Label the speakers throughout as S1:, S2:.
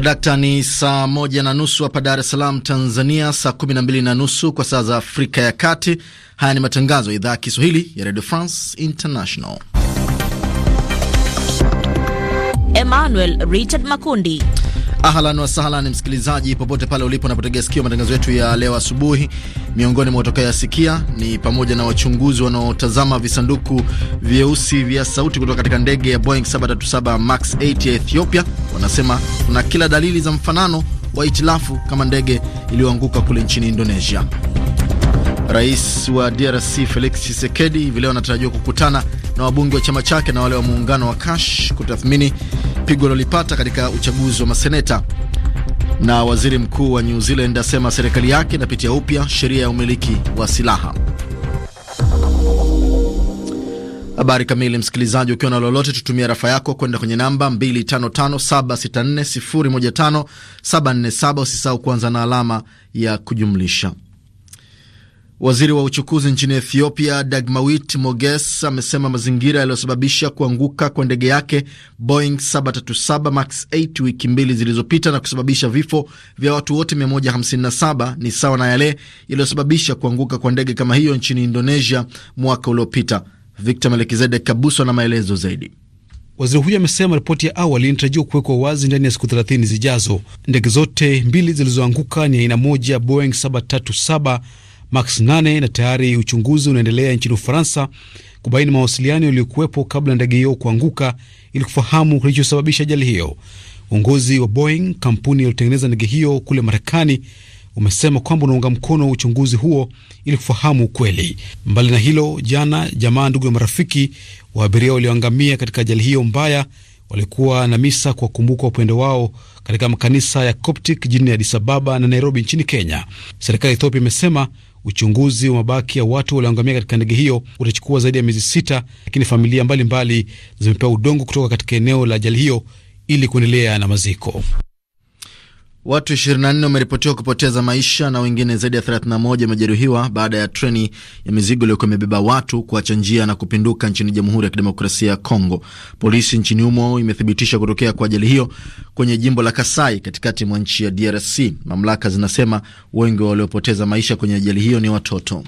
S1: dakta, ni saa moja na nusu hapa Dar es Salaam, Tanzania, saa kumi na mbili na nusu kwa saa za Afrika ya Kati. Haya ni matangazo ya idhaa ya Kiswahili ya Radio France International. Emmanuel Richard Makundi Ahlan wasahlan, msikilizaji popote pale ulipo unapotegea sikio matangazo yetu ya leo asubuhi. Miongoni mwa utakayosikia ni pamoja na wachunguzi wanaotazama visanduku vyeusi vya sauti kutoka katika ndege ya Boeing 737 Max 8 ya Ethiopia. Wanasema kuna kila dalili za mfanano wa itilafu kama ndege iliyoanguka kule nchini Indonesia. Rais wa DRC Felix Tshisekedi hivi leo anatarajiwa kukutana na wabunge wa chama chake na wale wa muungano wa Kash kutathmini pigo lolipata katika uchaguzi wa maseneta. Na waziri mkuu wa New Zealand asema serikali yake inapitia upya sheria ya umiliki wa silaha. Habari kamili, msikilizaji, ukiwa na lolote, tutumia rafa yako kwenda kwenye namba 255764015747. Usisahau kuanza na alama ya kujumlisha. Waziri wa uchukuzi nchini Ethiopia Dagmawit Moges amesema mazingira yaliyosababisha kuanguka kwa ndege yake Boeing 737 Max 8 wiki mbili zilizopita na kusababisha vifo vya watu wote 157 ni sawa na yale yaliyosababisha kuanguka kwa ndege kama hiyo nchini
S2: Indonesia mwaka uliopita. Victor Melekizedek Kabuso na maelezo zaidi. Waziri huyo amesema ripoti ya awali inatarajiwa kuwekwa wazi ndani ya siku 30 zijazo. Ndege zote mbili zilizoanguka ni aina moja Boeing 737 Max Nane, na tayari uchunguzi unaendelea nchini Ufaransa kubaini mawasiliano yaliyokuwepo kabla ndege hiyo kuanguka ili kufahamu kilichosababisha ajali hiyo. Uongozi wa Boeing, kampuni iliyotengeneza ndege hiyo kule Marekani, umesema kwamba unaunga mkono uchunguzi huo ili kufahamu ukweli. Mbali na hilo, jana jamaa, ndugu na marafiki wa abiria walioangamia katika ajali hiyo mbaya walikuwa na misa kuwakumbuka upendo wao katika makanisa ya Coptic jijini Addis Ababa na Nairobi nchini Kenya. Serikali ya Ethiopia imesema Uchunguzi wa mabaki ya watu walioangamia katika ndege hiyo utachukua zaidi ya miezi sita, lakini familia mbalimbali zimepewa udongo kutoka katika eneo la ajali hiyo ili kuendelea na maziko. Watu 24
S1: wameripotiwa kupoteza maisha na wengine zaidi ya 31 wamejeruhiwa baada ya treni ya mizigo iliyokuwa imebeba watu kuacha njia na kupinduka nchini Jamhuri ya Kidemokrasia ya Kongo. Polisi nchini humo imethibitisha kutokea kwa ajali hiyo kwenye jimbo la Kasai katikati mwa nchi ya DRC. Mamlaka zinasema wengi waliopoteza maisha kwenye ajali hiyo ni watoto.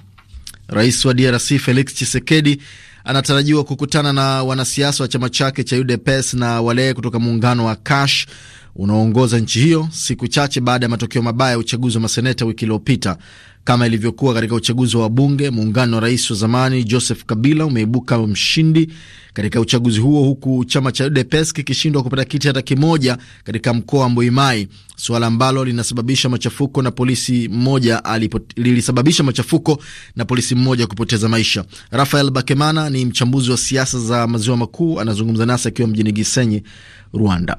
S1: Rais wa DRC Felix Tshisekedi anatarajiwa kukutana na wanasiasa wa chama chake cha UDPS na wale kutoka muungano wa Kash unaoongoza nchi hiyo siku chache baada ya matokeo mabaya ya uchaguzi wa maseneta wiki iliyopita. Kama ilivyokuwa katika uchaguzi wa wabunge, muungano wa rais wa zamani Joseph Kabila umeibuka mshindi katika uchaguzi huo, huku chama cha UDPS kikishindwa kupata kiti hata kimoja katika mkoa wa Mbuimai, suala ambalo linasababisha machafuko na polisi mmoja lilisababisha machafuko na polisi mmoja kupoteza maisha. Rafael Bakemana ni mchambuzi wa siasa za maziwa makuu, anazungumza nasi akiwa mjini Gisenyi, Rwanda.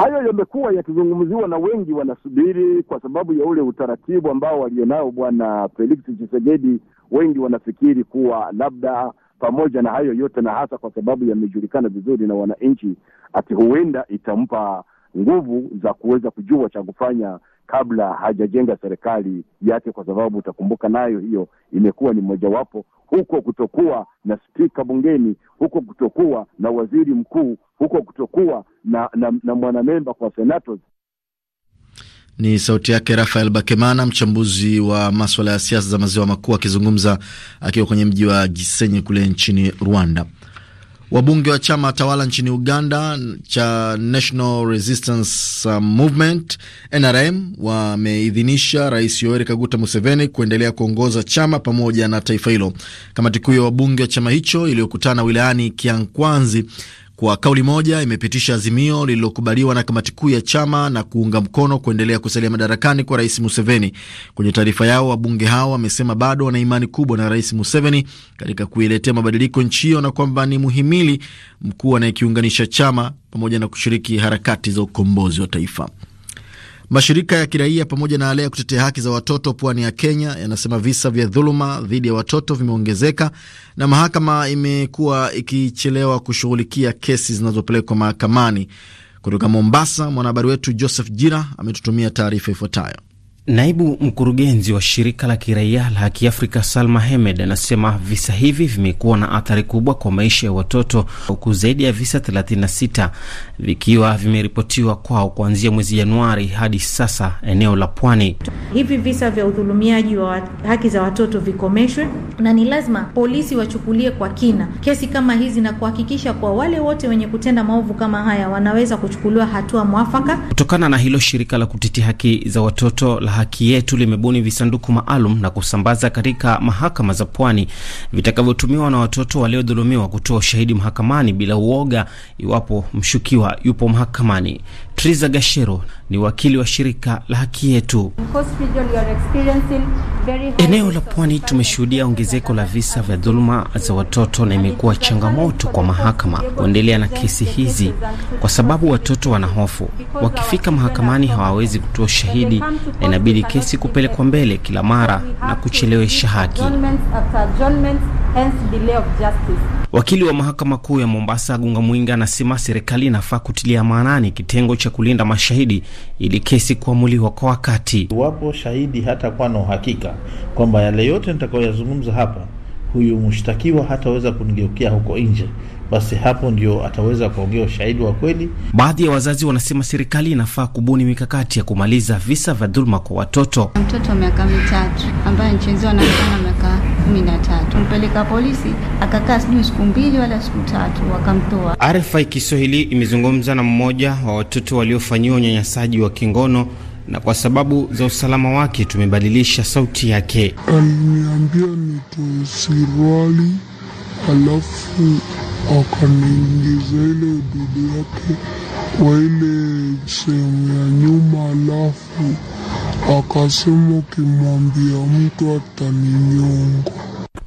S3: Hayo yamekuwa yakizungumziwa na wengi wanasubiri, kwa sababu ya ule utaratibu ambao walionao bwana Felix Tshisekedi. Wengi wanafikiri kuwa labda pamoja na hayo yote, na hasa kwa sababu yamejulikana vizuri na wananchi, ati huenda itampa nguvu za kuweza kujua cha kufanya kabla hajajenga serikali yake, kwa sababu utakumbuka nayo hiyo imekuwa ni mojawapo huko kutokuwa na spika bungeni, huko kutokuwa na waziri mkuu, huko kutokuwa na, na, na mwanamemba kwa senators.
S1: Ni sauti yake Rafael Bakemana, mchambuzi wa maswala ya siasa za maziwa makuu, akizungumza akiwa kwenye mji wa Gisenyi kule nchini Rwanda. Wabunge wa chama tawala nchini Uganda cha National Resistance um, Movement NRM wameidhinisha Rais Yoweri Kaguta Museveni kuendelea kuongoza chama pamoja na taifa hilo. Kamati kuu ya wabunge wa chama hicho iliyokutana wilayani Kiankwanzi kwa kauli moja imepitisha azimio lililokubaliwa na kamati kuu ya chama na kuunga mkono kuendelea kusalia madarakani kwa rais Museveni. Kwenye taarifa yao, wabunge hao wamesema bado wana imani kubwa na rais Museveni katika kuiletea mabadiliko nchi hiyo na kwamba ni muhimili mkuu anayekiunganisha chama pamoja na kushiriki harakati za ukombozi wa taifa. Mashirika ya kiraia pamoja na yale ya kutetea haki za watoto pwani ya Kenya yanasema visa vya dhuluma dhidi ya watoto vimeongezeka na mahakama imekuwa ikichelewa kushughulikia kesi zinazopelekwa mahakamani. Kutoka Mombasa, mwanahabari wetu Joseph Jira ametutumia taarifa ifuatayo.
S4: Naibu mkurugenzi wa shirika la kiraia la Haki Afrika Salma Hemed anasema visa hivi vimekuwa na athari kubwa kwa maisha ya watoto, huku zaidi ya visa 36 vikiwa vimeripotiwa kwao kuanzia mwezi Januari hadi sasa eneo la Pwani.
S5: Hivi visa vya udhulumiaji wa haki za watoto vikomeshwe, na ni lazima polisi wachukulie kwa kina kesi kama hizi na kuhakikisha kwa wale wote wenye kutenda maovu kama haya wanaweza kuchukuliwa hatua mwafaka.
S4: Kutokana na hilo, shirika la kutetea haki za watoto la Haki Yetu limebuni visanduku maalum na kusambaza katika mahakama za pwani vitakavyotumiwa na watoto waliodhulumiwa kutoa ushahidi mahakamani bila uoga iwapo mshukiwa yupo mahakamani. Triza Gashero ni wakili wa shirika la Haki Yetu. Eneo la pwani tumeshuhudia ongezeko la visa vya dhuluma za watoto na imekuwa changamoto kwa mahakama kuendelea na kesi hizi kwa sababu watoto wanahofu, wakifika mahakamani hawawezi kutoa ushahidi na inabidi kesi kupelekwa mbele kila mara na kuchelewesha haki. Wakili wa mahakama kuu ya Mombasa Gunga Mwinga anasema serikali inafaa kutilia maanani kitengo cha cha kulinda mashahidi ili kesi kuamuliwa kwa wakati.
S6: Iwapo shahidi hatakuwa na uhakika kwamba yale yote nitakayoyazungumza hapa huyu mshtakiwa hataweza kunigeukia huko nje, basi hapo ndio ataweza kuongea ushahidi wa kweli.
S4: Baadhi ya wazazi wanasema serikali inafaa kubuni mikakati ya kumaliza visa vya dhuluma kwa watoto.
S5: Mtoto wa miaka mitatu ambaye anchezewa na miaka kumi na tatu.
S7: Mpeleka polisi akakaa sijui siku mbili wala siku tatu, wakamtoa.
S4: RFI Kiswahili imezungumza na mmoja wa watoto waliofanyiwa unyanyasaji wa kingono na kwa sababu za usalama wake tumebadilisha sauti yake.
S8: Aliniambia nitoe siruali, alafu akaniingiza ile dudu yake kwa ile sehemu ya nyuma, alafu akasema kimwambia mtu ataninyongwa.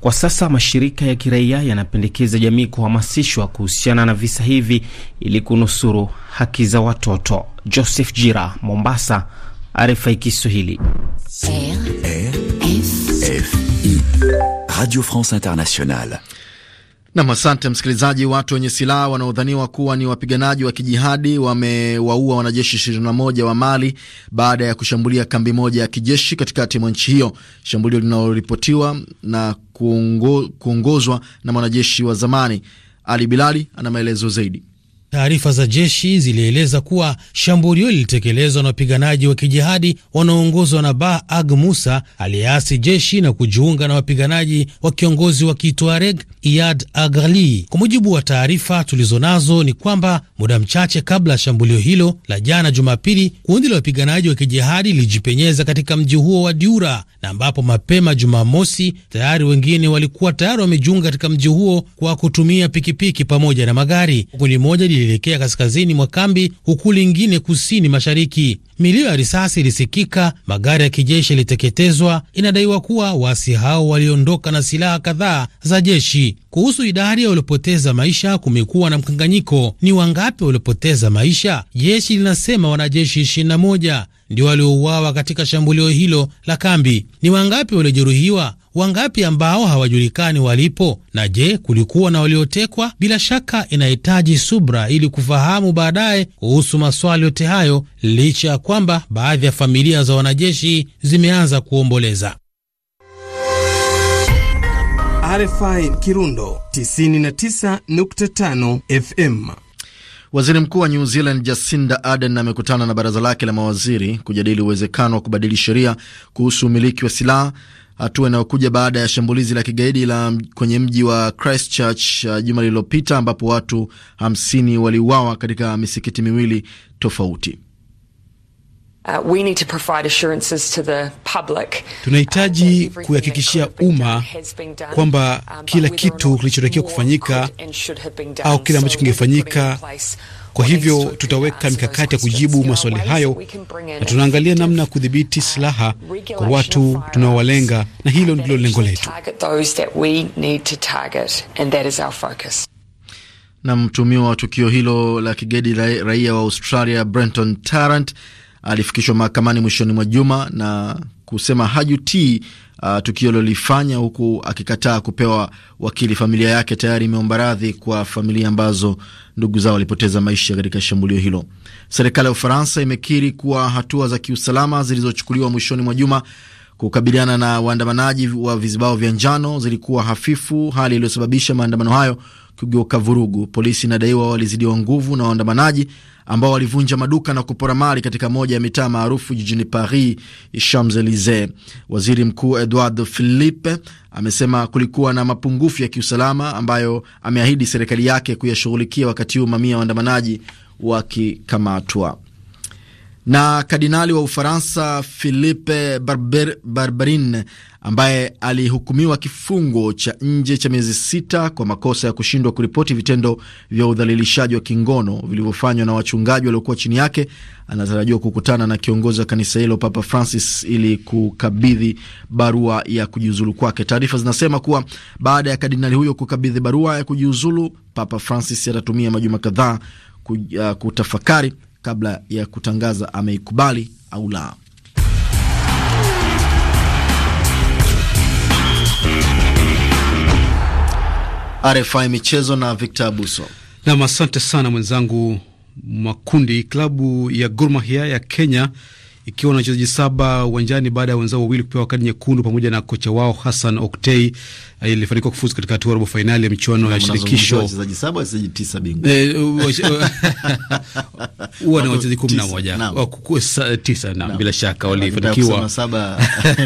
S8: Kwa sasa
S4: mashirika ya kiraia yanapendekeza jamii kuhamasishwa kuhusiana na visa hivi ili kunusuru haki za watoto. Joseph Jira, Mombasa, RFI
S8: Kiswahili. Radio France Internationale.
S1: Nam, asante msikilizaji. Watu wenye silaha wanaodhaniwa kuwa ni wapiganaji wa kijihadi wamewaua wanajeshi 21 wa Mali baada ya kushambulia kambi moja ya kijeshi katikati mwa nchi hiyo, shambulio linaloripotiwa na kuongozwa na mwanajeshi wa zamani. Ali Bilali ana maelezo zaidi.
S6: Taarifa za jeshi zilieleza kuwa shambulio lilitekelezwa na wapiganaji wa kijihadi wanaoongozwa na Ba Ag Musa aliyeasi jeshi na kujiunga na wapiganaji wa kiongozi wa Kituareg Iyad Agali. Kwa mujibu wa taarifa tulizonazo ni kwamba muda mchache kabla ya shambulio hilo la jana Jumapili, kundi la wapiganaji wa kijihadi lilijipenyeza katika mji huo wa Diura, na ambapo mapema Jumamosi tayari wengine walikuwa tayari wamejiunga katika mji huo kwa kutumia pikipiki pamoja na magari. Kundi moja lilielekea kaskazini mwa kambi, huku lingine kusini mashariki. Milio ya risasi ilisikika, magari ya kijeshi yaliteketezwa. Inadaiwa kuwa waasi hao waliondoka na silaha kadhaa za jeshi. Kuhusu idadi ya waliopoteza maisha, kumekuwa na mkanganyiko. Ni wangapi waliopoteza maisha? Jeshi linasema wanajeshi 21 ndio waliouawa katika shambulio hilo la kambi. Ni wangapi waliojeruhiwa? Wangapi ambao hawajulikani walipo? Na je, kulikuwa na waliotekwa? Bila shaka inahitaji subra ili kufahamu baadaye kuhusu maswali yote hayo, licha ya kwamba baadhi ya familia za wanajeshi zimeanza kuomboleza.
S4: RFI Kirundo 99.5 FM
S1: Waziri mkuu wa New Zealand Jacinda Ardern amekutana na baraza lake la mawaziri kujadili uwezekano wa kubadili sheria kuhusu umiliki wa silaha, hatua inayokuja baada ya shambulizi la kigaidi la kwenye mji wa Christchurch uh, juma lililopita ambapo watu 50 waliuawa katika misikiti miwili tofauti.
S4: Uh, uh,
S2: Tunahitaji kuhakikishia umma kwamba uh, kila kitu kilichotakiwa kufanyika au kile ambacho kingefanyika. Kwa hivyo tutaweka mikakati ya kujibu maswali hayo, na tunaangalia namna ya kudhibiti silaha kwa watu tunaowalenga, na hilo ndilo lengo letu.
S1: Na mtumiwa wa tukio hilo la kigedi raia wa Australia Brenton Tarrant alifikishwa mahakamani mwishoni mwa juma na kusema hajutii uh, tukio lilolifanya, huku akikataa kupewa wakili. Familia yake tayari imeomba radhi kwa familia ambazo ndugu zao walipoteza maisha katika shambulio hilo. Serikali ya Ufaransa imekiri kuwa hatua za kiusalama zilizochukuliwa mwishoni mwa juma kukabiliana na waandamanaji wa vizibao vya njano zilikuwa hafifu, hali iliyosababisha maandamano hayo kugeuka vurugu. Polisi inadaiwa walizidiwa nguvu na waandamanaji ambao walivunja maduka na kupora mali katika moja ya mitaa maarufu jijini Paris, Champs Elysees. Waziri Mkuu Edouard Philippe amesema kulikuwa na mapungufu ya kiusalama ambayo ameahidi serikali yake kuyashughulikia, wakati huu mamia waandamanaji wakikamatwa na kardinali wa Ufaransa Philippe Barber, Barbarin ambaye alihukumiwa kifungo cha nje cha miezi sita kwa makosa ya kushindwa kuripoti vitendo vya udhalilishaji wa kingono vilivyofanywa na wachungaji waliokuwa chini yake, anatarajiwa kukutana na kiongozi wa kanisa hilo Papa Francis ili kukabidhi barua ya kujiuzulu kwake. Taarifa zinasema kuwa baada ya kardinali huyo kukabidhi barua ya kujiuzulu, Papa Francis atatumia majuma kadhaa uh, kutafakari kabla ya kutangaza ameikubali au la. RFI Michezo na Victor Abuso.
S2: Nam, asante sana mwenzangu Makundi. Klabu ya Gor Mahia ya Kenya ikiwa na wachezaji saba uwanjani baada ya wenzao wawili kupewa kadi nyekundu pamoja na kocha wao Hassan Oktay ilifanikiwa kufuzu katika hatua robo fainali ya michuano ya shirikisho.
S1: Wachezaji saba wachezaji tisa bingwa eh,
S2: huwa na wachezaji kumi na moja tisa na bila shaka walifanikiwa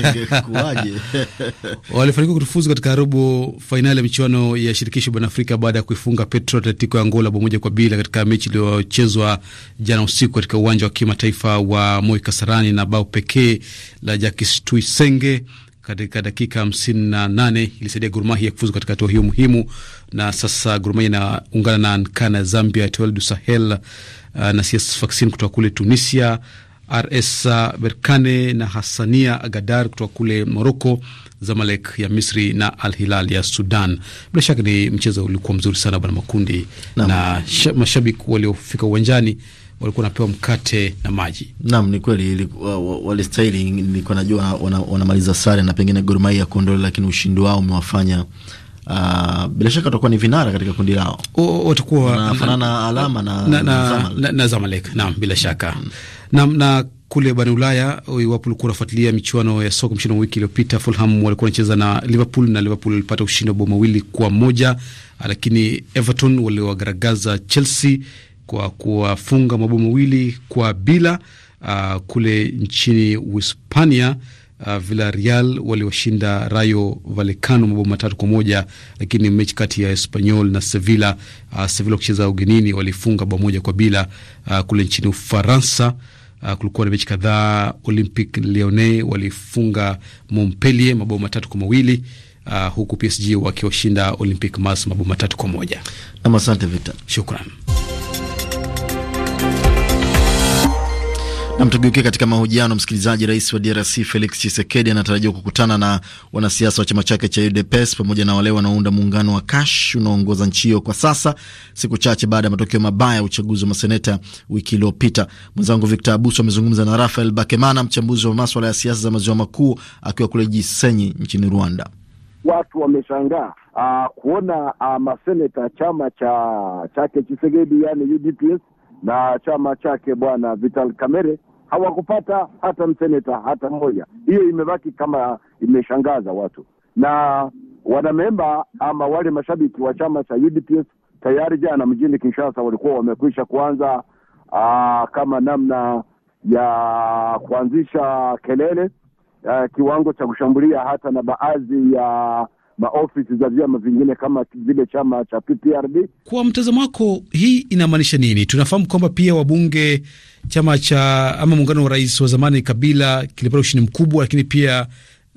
S2: walifanikiwa kufuzu katika robo fainali ya michuano ya shirikisho barani Afrika baada ya kuifunga Petro Atletico ya Angola bao moja kwa bila katika mechi iliyochezwa jana usiku katika uwanja wa kimataifa wa Moi Kasarani na bao pekee la Jakis Tuisenge katika dakika 58 ilisaidia Gor Mahia kufuzu katika hatua hiyo muhimu, na sasa Gor Mahia inaungana na Ankana Zambia, Etoile du Sahel uh, na CS Sfaxien kutoka kule Tunisia, RS Berkane na Hassania Agadar kutoka kule Morocco, Zamalek ya Misri na Al Hilal ya Sudan. Bila shaka ni mchezo ulikuwa mzuri sana bwana Makundi na, na mashabiki waliofika uwanjani walikuwa wanapewa mkate na maji. Naam, ni kweli walistahili.
S1: Nilikuwa najua wanamaliza sare na pengine Gor Mahia kuondolewa, lakini ushindi wao umewafanya Uh, bila shaka watakuwa ni vinara katika kundi lao,
S2: watakuwa wanafanana alama na, na, na, na, na Zamalek. Naam, bila shaka mm. Naam, na kule barani Ulaya, iwapo ulikuwa unafuatilia michuano ya soka wa wiki iliyopita, Fulham walikuwa wanacheza na Liverpool na Liverpool walipata ushindi wa bao mawili kwa moja, lakini Everton waliwagaragaza Chelsea kwa kuwafunga mabao mawili kwa bila uh, kule nchini Uhispania. Uh, Villarreal waliwashinda Rayo Vallecano mabao matatu kwa moja, lakini mechi kati ya Espanyol na Sevilla uh, Sevilla kucheza ugenini walifunga bao moja kwa bila. Uh, kule nchini Ufaransa uh, kulikuwa na mechi kadhaa. Olympic Lyonnais walifunga Montpellier mabao matatu kwa mawili. Uh, huku PSG wakiwashinda Olympic Mars mabao matatu kwa moja. Asante Victor, shukrani.
S1: Namtugeukia katika mahojiano msikilizaji. Rais wa DRC Felix Tshisekedi anatarajiwa kukutana na wanasiasa wa chama chake cha UDPS pamoja na wale wanaounda muungano wa Kash unaoongoza nchi hiyo kwa sasa, siku chache baada ya matokeo mabaya ya uchaguzi wa maseneta wiki iliyopita. Mwenzangu Victor Abuso amezungumza na Rafael Bakemana, mchambuzi wa maswala ya siasa za maziwa makuu, akiwa kule jisenyi nchini Rwanda.
S3: Watu wameshangaa uh, kuona uh, maseneta chama cha chake Tshisekedi, yani UDPS na chama chake bwana Vital Kamere hawakupata hata mseneta hata mmoja. Hiyo imebaki kama imeshangaza watu na wanamemba ama wale mashabiki wa chama cha UDPS tayari jana mjini Kinshasa walikuwa wamekwisha kuanza aa, ah, kama namna ya kuanzisha kelele aa, eh, kiwango cha kushambulia hata na baadhi ya maofisi za vyama vingine kama vile chama cha PPRD. Kwa mtazamo wako,
S2: hii inamaanisha nini? Tunafahamu kwamba pia wabunge, chama cha ama muungano wa rais wa zamani Kabila kilipata ushindi mkubwa, lakini pia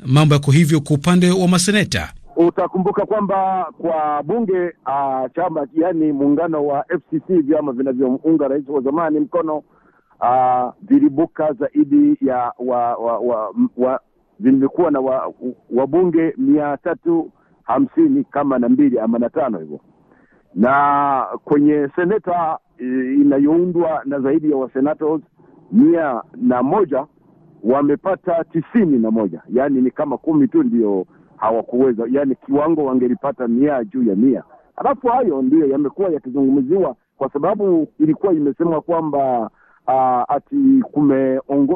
S2: mambo yako hivyo kwa upande wa maseneta.
S3: Utakumbuka kwamba kwa bunge uh, chama yani muungano wa FCC vyama vinavyounga rais wa zamani mkono ah, vilibuka uh, zaidi ya wa, wa, wa, wa, zilikuwa na wa, wabunge mia tatu hamsini kama na mbili ama na tano hivyo, na kwenye seneta e, inayoundwa na zaidi ya wasenato mia na moja wamepata tisini na moja yaani ni kama kumi tu ndio hawakuweza, yaani kiwango wangelipata mia juu ya mia. Alafu hayo ndiyo yamekuwa yakizungumziwa, kwa sababu ilikuwa imesemwa kwamba uh, ati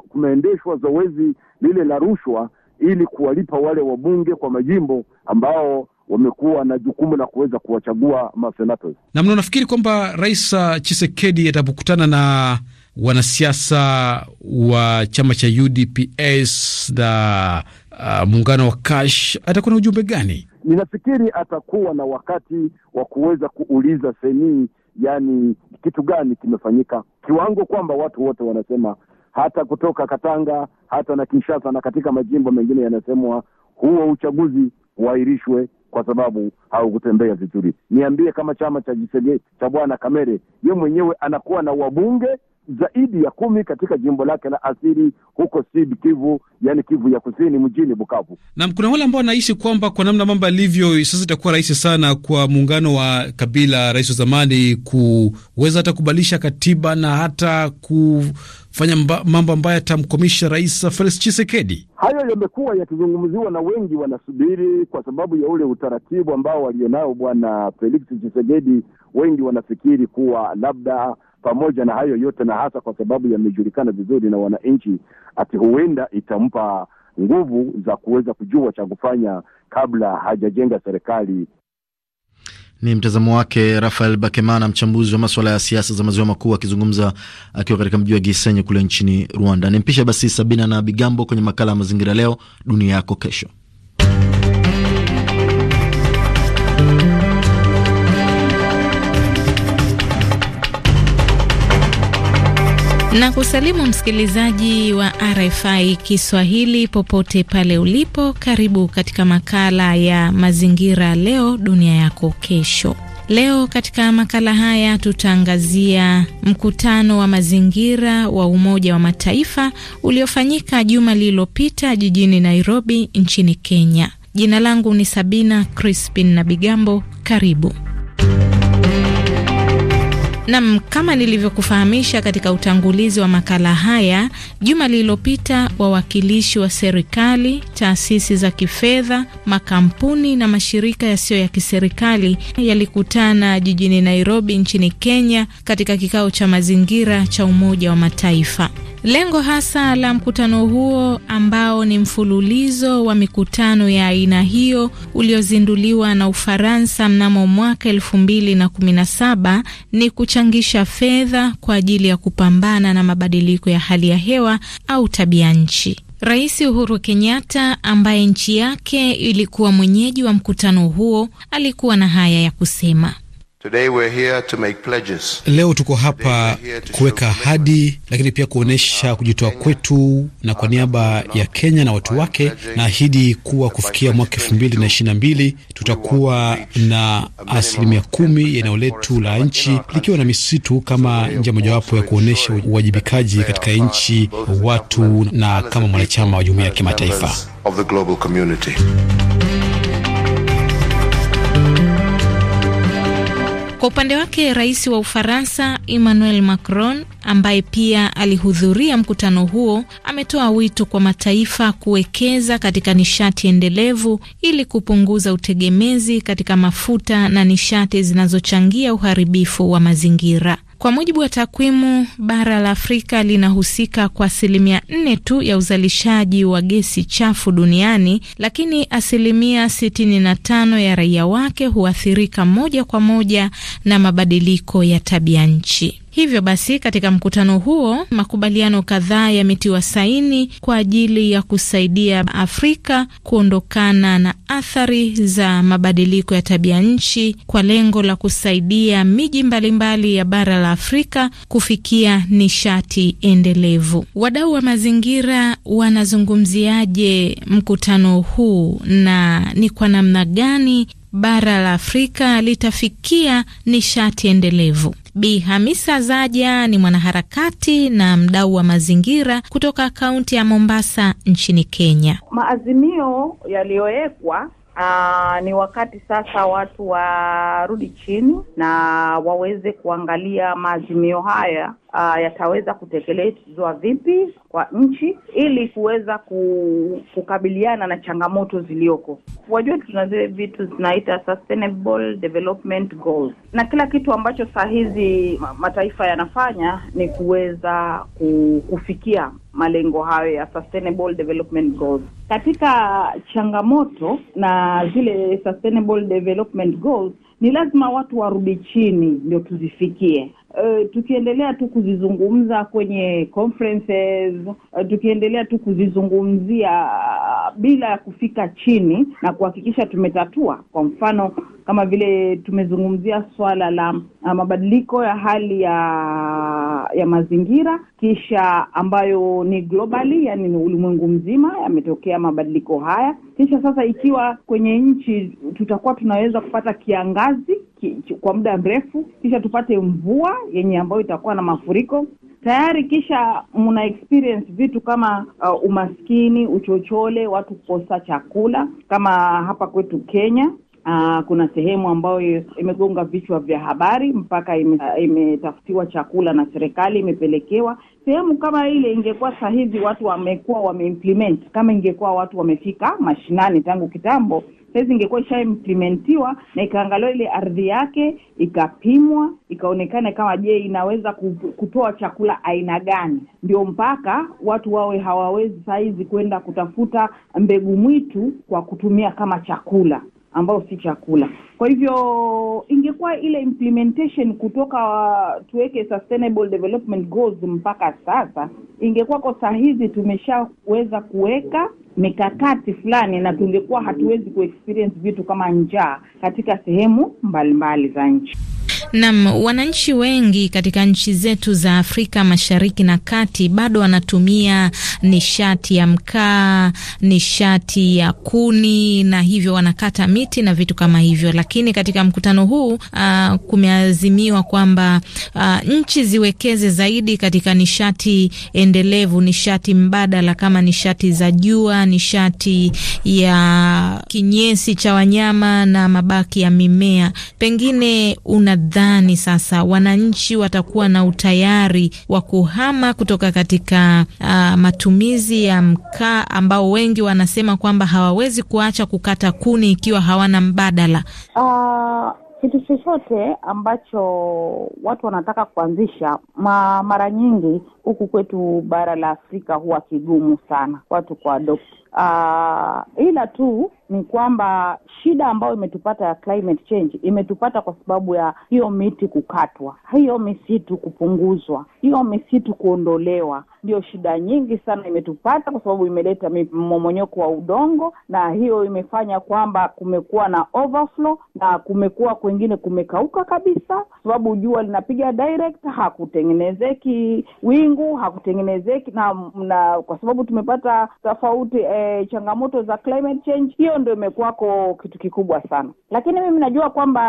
S3: kumeendeshwa zoezi lile la rushwa ili kuwalipa wale wabunge kwa majimbo ambao wamekuwa na jukumu la kuweza kuwachagua masenato.
S2: Na mna nafikiri kwamba Rais Chisekedi uh, atapokutana na wanasiasa wa chama cha UDPS na uh, muungano wa Kash atakuwa na ujumbe gani?
S3: Ninafikiri atakuwa na wakati wa kuweza kuuliza senii, yani kitu gani kimefanyika kiwango kwamba watu wote wanasema hata kutoka Katanga hata na Kinshasa na katika majimbo mengine yanasemwa huo uchaguzi uahirishwe kwa sababu haukutembea vizuri. Niambie kama chama cha cha bwana Kamere, ye mwenyewe anakuwa na wabunge zaidi ya kumi katika jimbo lake la asili huko Sud Kivu, yani Kivu ya kusini
S2: mjini Bukavu. nam kuna wale ambao wanaishi kwamba kwa namna mambo yalivyo sasa itakuwa rahisi sana kwa muungano wa Kabila, rais wa zamani, kuweza hata kubadilisha katiba na hata kufanya mambo ambayo yatamkomisha rais Felix Tshisekedi.
S3: Hayo yamekuwa yakizungumziwa na wengi wanasubiri, kwa sababu ya ule utaratibu ambao walionao bwana Felix Tshisekedi. Wengi wanafikiri kuwa labda pamoja na hayo yote, na hasa kwa sababu yamejulikana vizuri na wananchi, ati huenda itampa nguvu za kuweza kujua cha kufanya kabla hajajenga serikali.
S1: Ni mtazamo wake Rafael Bakemana, mchambuzi wa maswala ya siasa za maziwa makuu, akizungumza akiwa katika mji wa Gisenyi kule nchini Rwanda. ni mpisha basi Sabina na Bigambo kwenye makala ya mazingira, leo dunia yako kesho.
S5: na kusalimu msikilizaji wa RFI Kiswahili popote pale ulipo. Karibu katika makala ya mazingira, leo dunia yako kesho. Leo katika makala haya tutaangazia mkutano wa mazingira wa Umoja wa Mataifa uliofanyika juma lililopita jijini Nairobi nchini Kenya. Jina langu ni Sabina Crispin na Bigambo. Karibu. Nam, kama nilivyokufahamisha katika utangulizi wa makala haya, juma lililopita, wawakilishi wa serikali, taasisi za kifedha, makampuni na mashirika yasiyo ya kiserikali yalikutana jijini Nairobi nchini Kenya katika kikao cha mazingira cha Umoja wa Mataifa. Lengo hasa la mkutano huo ambao ni mfululizo wa mikutano ya aina hiyo uliozinduliwa na Ufaransa mnamo mwaka elfu mbili na kumi na saba ni kuchangisha fedha kwa ajili ya kupambana na mabadiliko ya hali ya hewa au tabia nchi. Rais Uhuru Kenyatta ambaye nchi yake ilikuwa mwenyeji wa mkutano huo alikuwa na haya ya kusema.
S2: Today we're here to make pledges. Leo tuko hapa kuweka ahadi, lakini pia kuonyesha kujitoa kwetu, na kwa niaba ya Kenya na watu wake, naahidi kuwa kufikia mwaka elfu mbili na ishirini na mbili tutakuwa na asilimia kumi ya eneo letu la nchi likiwa na misitu kama njia mojawapo ya kuonyesha uwajibikaji katika nchi, watu na kama mwanachama wa jumuiya ya kimataifa.
S5: Kwa upande wake, rais wa Ufaransa Emmanuel Macron ambaye pia alihudhuria mkutano huo ametoa wito kwa mataifa kuwekeza katika nishati endelevu ili kupunguza utegemezi katika mafuta na nishati zinazochangia uharibifu wa mazingira. Kwa mujibu wa takwimu, bara la Afrika linahusika kwa asilimia nne tu ya uzalishaji wa gesi chafu duniani, lakini asilimia sitini na tano ya raia wake huathirika moja kwa moja na mabadiliko ya tabia nchi. Hivyo basi, katika mkutano huo makubaliano kadhaa yametiwa saini kwa ajili ya kusaidia Afrika kuondokana na athari za mabadiliko ya tabia nchi kwa lengo la kusaidia miji mbalimbali ya bara la Afrika kufikia nishati endelevu. Wadau wa mazingira wanazungumziaje mkutano huu na ni kwa namna gani bara la Afrika litafikia nishati endelevu? Bi Hamisa Zaja ni mwanaharakati na mdau wa mazingira kutoka kaunti ya Mombasa nchini
S7: Kenya. Maazimio yaliyowekwa ah, ni wakati sasa watu warudi chini na waweze kuangalia maazimio haya uh, yataweza kutekelezwa vipi kwa nchi ili kuweza kukabiliana na changamoto zilioko. Wajua, tuna zile vitu zinaita sustainable development goals, na kila kitu ambacho saa hizi mataifa yanafanya ni kuweza kufikia malengo hayo ya sustainable development goals. Katika changamoto na zile sustainable development goals, ni lazima watu warudi chini ndio tuzifikie uh, tukiendelea tu kuzizungumza kwenye conferences uh, tukiendelea tu kuzizungumzia eh, bila ya kufika chini na kuhakikisha tumetatua. Kwa mfano kama vile tumezungumzia swala la uh, mabadiliko ya hali ya ya mazingira, kisha ambayo ni globally, yani ni ulimwengu mzima yametokea mabadiliko haya, kisha sasa, ikiwa kwenye nchi tutakuwa tunaweza kupata kiangazi kwa muda mrefu, kisha tupate mvua yenye ambayo itakuwa na mafuriko tayari, kisha mna experience vitu kama uh, umaskini, uchochole, watu kukosa chakula kama hapa kwetu Kenya. Uh, kuna sehemu ambayo imegonga vichwa vya habari mpaka ime, uh, imetafutiwa chakula na serikali imepelekewa. Sehemu kama ile ingekuwa sahizi watu wamekuwa wameimplement, kama ingekuwa watu wamefika mashinani tangu kitambo sahizi ingekuwa ishaimplementiwa na ikaangaliwa ile ardhi yake ikapimwa ikaonekana kama je, inaweza kutoa chakula aina gani, ndio mpaka watu wawe hawawezi sahizi kwenda kutafuta mbegu mwitu kwa kutumia kama chakula ambao si chakula. Kwa hivyo ingekuwa ile implementation kutoka tuweke sustainable development goals mpaka sasa, ingekuwa kwa saa hizi tumeshaweza kuweka mikakati fulani, na tungekuwa hatuwezi kuexperience vitu kama njaa katika sehemu mbalimbali za nchi
S5: nam wananchi wengi katika nchi zetu za Afrika Mashariki na Kati bado wanatumia nishati ya mkaa, nishati ya kuni na hivyo wanakata miti na vitu kama hivyo. Lakini katika mkutano huu uh, kumeazimiwa kwamba uh, nchi ziwekeze zaidi katika nishati endelevu, nishati mbadala kama nishati za jua, nishati ya kinyesi cha wanyama na mabaki ya mimea. Pengine una unadhani sasa wananchi watakuwa na utayari wa kuhama kutoka katika uh, matumizi ya mkaa ambao wengi wanasema kwamba hawawezi kuacha kukata kuni ikiwa hawana mbadala?
S7: Uh... Kitu chochote ambacho watu wanataka kuanzisha ma, mara nyingi huku kwetu bara la Afrika huwa kigumu sana watu kuadopt Uh, ila tu ni kwamba shida ambayo imetupata ya climate change imetupata kwa sababu ya hiyo miti kukatwa, hiyo misitu kupunguzwa, hiyo misitu kuondolewa, ndio shida nyingi sana imetupata kwa sababu imeleta mmomonyoko wa udongo, na hiyo imefanya kwamba kumekuwa na overflow na kumekuwa kwengine kumekauka kabisa, kwa sababu jua linapiga direct, hakutengenezeki wingu, hakutengenezeki na, na kwa sababu tumepata tofauti eh, Eh, changamoto za climate change. Hiyo ndo imekuwako kitu kikubwa sana, lakini mimi najua kwamba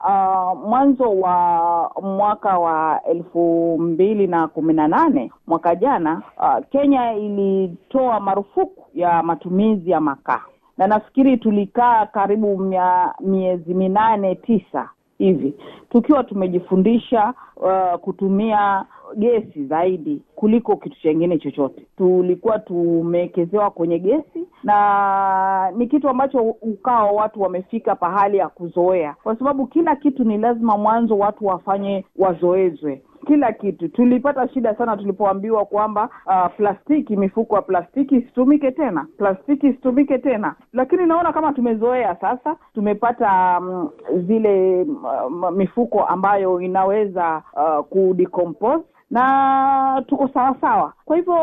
S7: uh, mwanzo wa mwaka wa elfu mbili na kumi na nane mwaka jana, uh, Kenya ilitoa marufuku ya matumizi ya makaa na nafikiri tulikaa karibu mia, miezi minane tisa hivi, tukiwa tumejifundisha uh, kutumia gesi zaidi kuliko kitu chengine chochote. Tulikuwa tumewekezewa kwenye gesi, na ni kitu ambacho ukawa watu wamefika pahali ya kuzoea, kwa sababu kila kitu ni lazima mwanzo watu wafanye wazoezwe kila kitu. Tulipata shida sana tulipoambiwa kwamba uh, plastiki, mifuko ya plastiki isitumike tena, plastiki isitumike tena, lakini naona kama tumezoea sasa. Tumepata um, zile um, mifuko ambayo inaweza uh, kudecompose na tuko sawasawa sawa. Kwa hivyo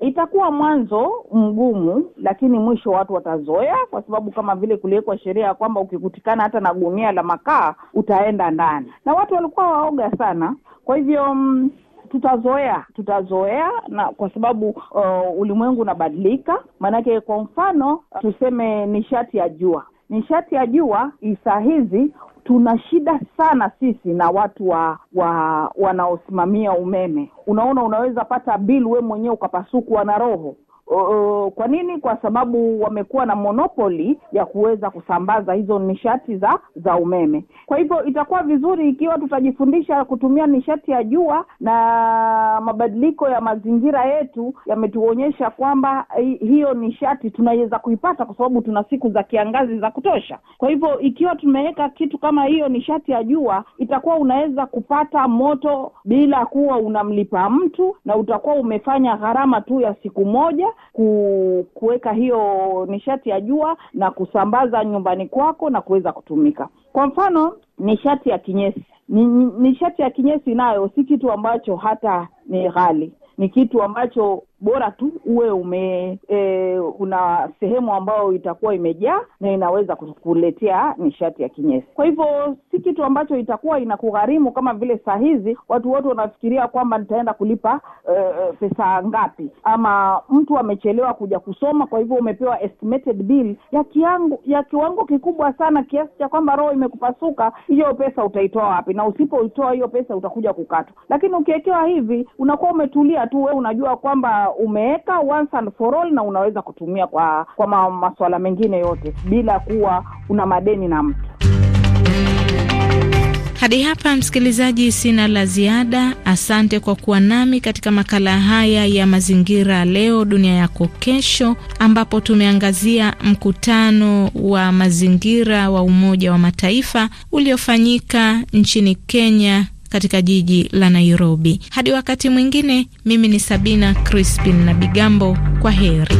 S7: itakuwa mwanzo mgumu, lakini mwisho watu watazoea, kwa sababu kama vile kuliwekwa sheria ya kwamba ukikutikana hata na gunia la makaa utaenda ndani, na watu walikuwa waoga sana. Kwa hivyo mm, tutazoea tutazoea, na kwa sababu uh, ulimwengu unabadilika. Maanake kwa mfano tuseme nishati ya jua nishati ya jua saa hizi tuna shida sana sisi na watu wa, wa wanaosimamia umeme. Unaona, unaweza pata bill we mwenyewe ukapasukwa na roho kwa nini? Kwa sababu wamekuwa na monopoli ya kuweza kusambaza hizo nishati za za umeme. Kwa hivyo itakuwa vizuri ikiwa tutajifundisha kutumia nishati ya jua, na mabadiliko ya mazingira yetu yametuonyesha kwamba hiyo nishati tunaweza kuipata, kwa sababu tuna siku za kiangazi za kutosha. Kwa hivyo ikiwa tumeweka kitu kama hiyo nishati ya jua, itakuwa unaweza kupata moto bila kuwa unamlipa mtu, na utakuwa umefanya gharama tu ya siku moja ku, kuweka hiyo nishati ya jua na kusambaza nyumbani kwako na kuweza kutumika kwa mfano nishati ya kinyesi ni, ni, nishati ya kinyesi nayo si kitu ambacho hata ni ghali ni kitu ambacho bora tu uwe ume e, una sehemu ambayo itakuwa imejaa na inaweza kuletea nishati ya kinyesi. Kwa hivyo si kitu ambacho itakuwa inakugharimu kama vile saa hizi watu wote wanafikiria kwamba nitaenda kulipa e, pesa ngapi, ama mtu amechelewa kuja kusoma, kwa hivyo umepewa estimated bill ya kiangu, ya kiwango kikubwa sana kiasi cha kwamba roho imekupasuka. Hiyo pesa utaitoa wapi? Na usipoitoa hiyo pesa utakuja kukatwa. Lakini ukiwekewa hivi unakuwa umetulia tu, we unajua kwamba umeweka once and for all na unaweza kutumia kwa kwa ma, masuala mengine yote bila kuwa una madeni na mtu.
S5: Hadi hapa msikilizaji, sina la ziada. Asante kwa kuwa nami katika makala haya ya mazingira leo dunia yako kesho, ambapo tumeangazia mkutano wa mazingira wa Umoja wa Mataifa uliofanyika nchini Kenya katika jiji la Nairobi. Hadi wakati mwingine, mimi ni Sabina Crispin na Bigambo, kwa heri.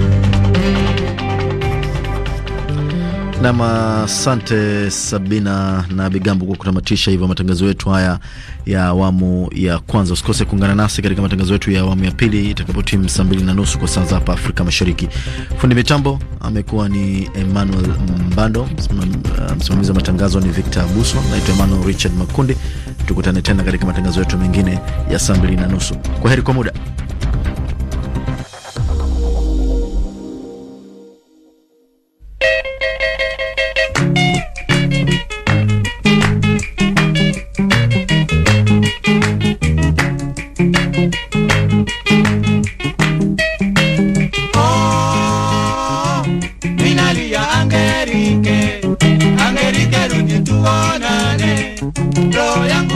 S1: Nam, asante Sabina na Bigambo kwa kutamatisha hivyo matangazo yetu haya ya awamu ya kwanza. Usikose kuungana nasi katika matangazo yetu ya awamu ya pili itakapotimu saa mbili na nusu kwa saa za hapa Afrika Mashariki. Fundi mitambo amekuwa ni Emmanuel Mbando, uh, msimamizi wa matangazo ni Victor Abuso. Naitwa Emmanuel Richard Makundi. Tukutane tena katika matangazo yetu mengine ya saa mbili na nusu. Kwa heri kwa muda.
S8: Maria Angelike, Angelike, rudi tuonane, roho yangu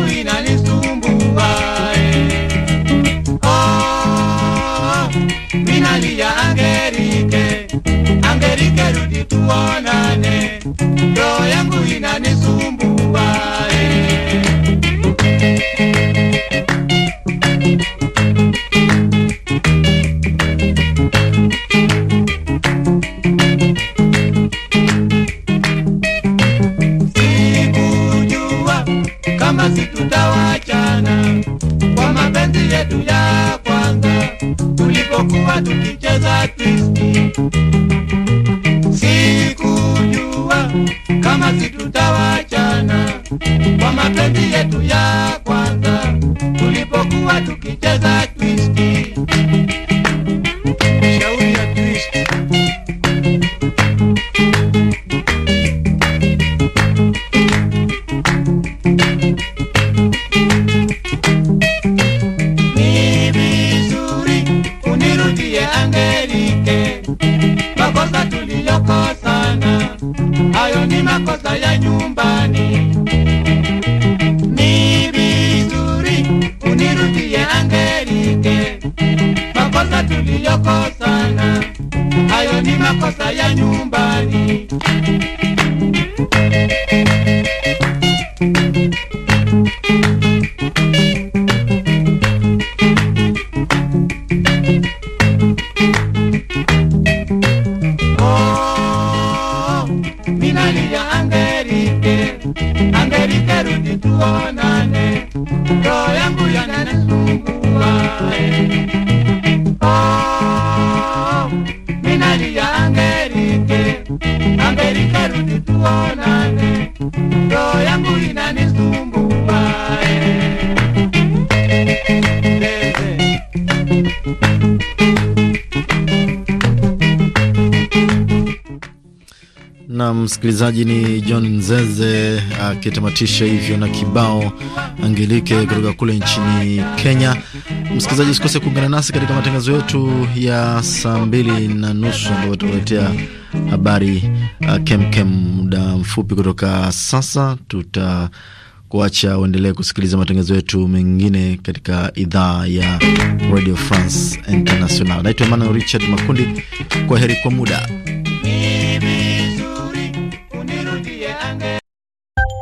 S1: na msikilizaji ni John Nzeze akitamatisha hivyo na kibao Angelike kutoka kule nchini Kenya. Msikilizaji, usikose kuungana nasi katika matangazo yetu ya saa mbili na nusu ambayo tutaletea habari uh, kemkem muda mfupi kutoka sasa. Tutakuacha uendelee kusikiliza matangazo yetu mengine katika idhaa ya Radio France International. Naitwa Emmanuel Richard Makundi, kwa heri kwa
S8: muda.